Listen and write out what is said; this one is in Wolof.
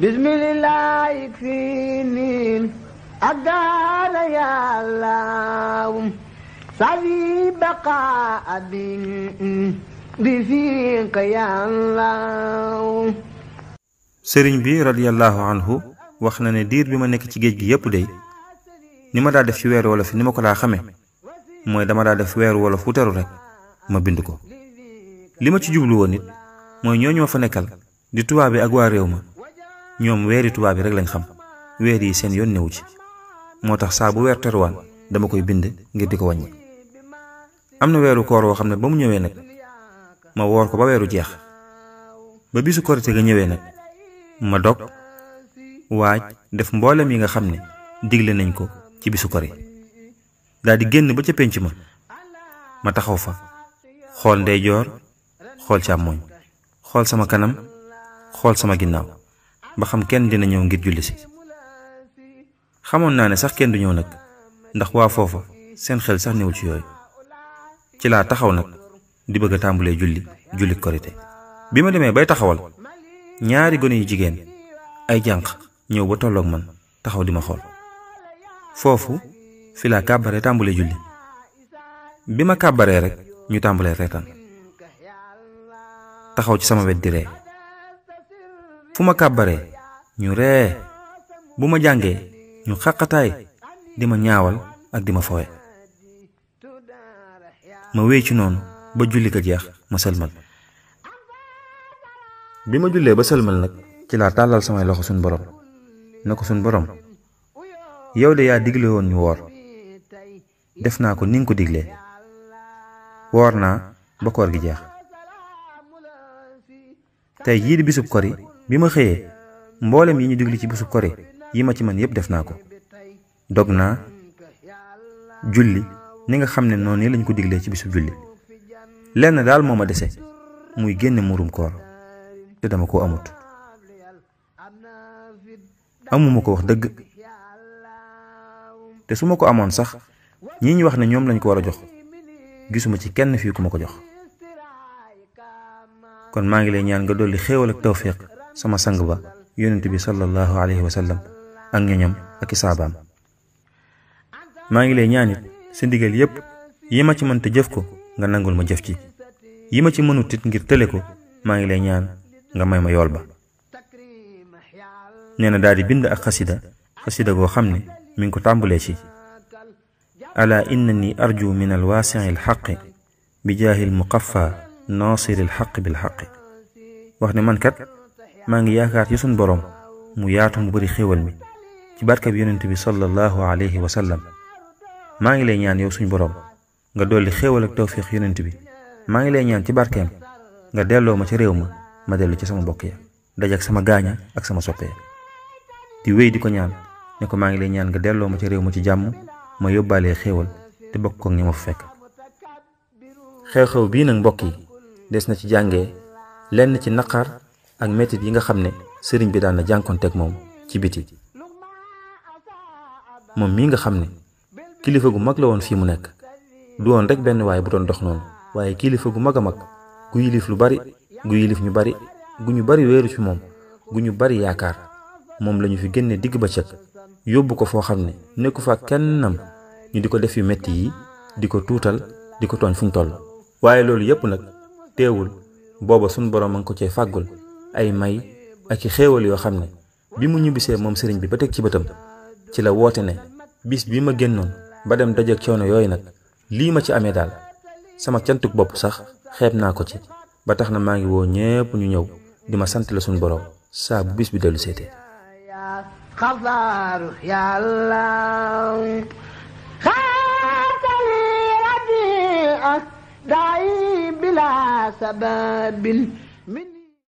bismillah sëriñ bi radiyallahu anhu wax na ne diir bi ma nekk ci géej gi yépp day ni ma daa def ci weeru wolof ni ma ko daa xame mooy dama daa def weeru wolof wu teru ma bind ko li ma ci jublu woon it mooy ñooñu ma fa nekkal di tubaab ak waa réew ma ñoom weeri tubaab yi rek lañ xam weer yi seen yoon newu ci moo tax saa bu weer teruwaan dama koy bind ngir di ko wàññi am na weeru koor woo xam ne ba mu ñëwee nag ma woor ko ba weeru jeex ba bisu korite ga ñëwee nag ma dog waaj def mboolem yi nga xam ne digle nañ ko ci bisu kor yi daal di génn ba ca pénc ma ma taxaw fa xool ndeyjoor xool càmmooñ xool sama kanam xool sama ginnaaw ba xam kenn dina ñëw ngir julli si xamoon naa ne sax kenn du ñëw nag ndax waa foofa seen xel sax newul ci yooyu ci laa taxaw nag di bëgg a tàmbulee julli julli korité bi ma demee bay taxawal ñaari gone yu jigéen ay jànq ñëw ba tolloog man taxaw di ma xool foofu fi laa kàbbaree tàmbulee julli bi ma kàbbaree rek ñu tàmbalee reetaan taxaw ci sama wet di ree fu ma kàbbaree ñu ree bu ma jàngee ñu xàqataay di ma ñaawal ak di ma fowe ma wéy ci noonu ba julli ko jeex ma sëlmal bi ma jullee ba sëlmal nag ci laa tàllal samay loxo suñ borom na ko suñ borom yow de yaa digle woon ñu woor def naa ko ni nga ko diglee woor naa ba koor gi jeex tey jii di bisub kori bima xeye mbolam yi ñu digli ci bisu kore yi ma ci man yépp def nako dogna julli ni nga xamne noné lañ ko diglé ci bisu julli lenn dal moma déssé muy génne murum koor te dama ko amut amuma ko wax deug te suma ko amone sax ñi ñu wax ne ñom lañ ko wara jox gisuma ci kenn fi ku ma ko jox kon ma ngi lay ñaan nga doli xéewal ak tawfiq sama sang ba yonent bi sallallahu alayhi wa sallam ak ñoñam ak i ma ngi lay ñaanit sa ndigal yépp yi ma ci mën te jëf ko nga nangul ma jëf ci yi ma ci mënu tit ngir tële ko ma ngi lay ñaan nga may ma yool ba nee na daal di bind ak xasida xasida goo xam ne mi ngi ko tàmbulee ci ala innani arju min alwaasii alxaqi bi jaahi almuqaffa naasiri alxaqi bilxaqi wax ne man kat maa ngi yaakaar ci sun boroom mu yaatu mu bari xéewal mi ci barkab yonent bi sallallahu alayhi wa sallam maa ngi lay ñaan yow suñ boroom nga dolli xéewal ak tawfiix yonent bi maa ngi lay ñaan ci barkeem nga delloo ma ci réew ma ma dellu ci sama mbokk ya daj ak sama gaaña ak sama soppe di wéy di ko ñaan ne ko maa lay ñaan nga delloo ma ci réew ma ci jàmm ma yóbbaalee xéewal te bokk ko ñi fekk xew-xew bii nag mbokk des na ci jàngee lenn ci naqar ak mettit yi nga xam ne sëriñ bi daan na jànkoonteeg moom ci biti moom mii nga xam ne kilifa gu mag la woon fii mu nekk du woon rek benn waay bu doon dox noonu waaye kilifa gu mag a mag gu yilif lu bari gu yilif ñu bari gu ñu bari wéeru ci moom gu ñu bari yaakaar moom lañu fi génne digg ba cëkk yóbbu ko foo xam ne nekku fa kennam ñu di ko def yu metti yi di ko tuutal di ko tooñ fuñ toll waaye loolu yépp nag teewul booba sunu boroom a ngi ko cee fàggul ay may ak i xéewal yoo xam bi mu mom sëriñ bi ba tek ci bëtam ci la woté né bis bi ma gennon ba dem ak ciono yoy nak li ma ci amé dal sama cantuk bop sax xeeb ko ci ba taxna ma ngi wo ñepp ñu ñew di sant la suñu borom sa bis bi dellu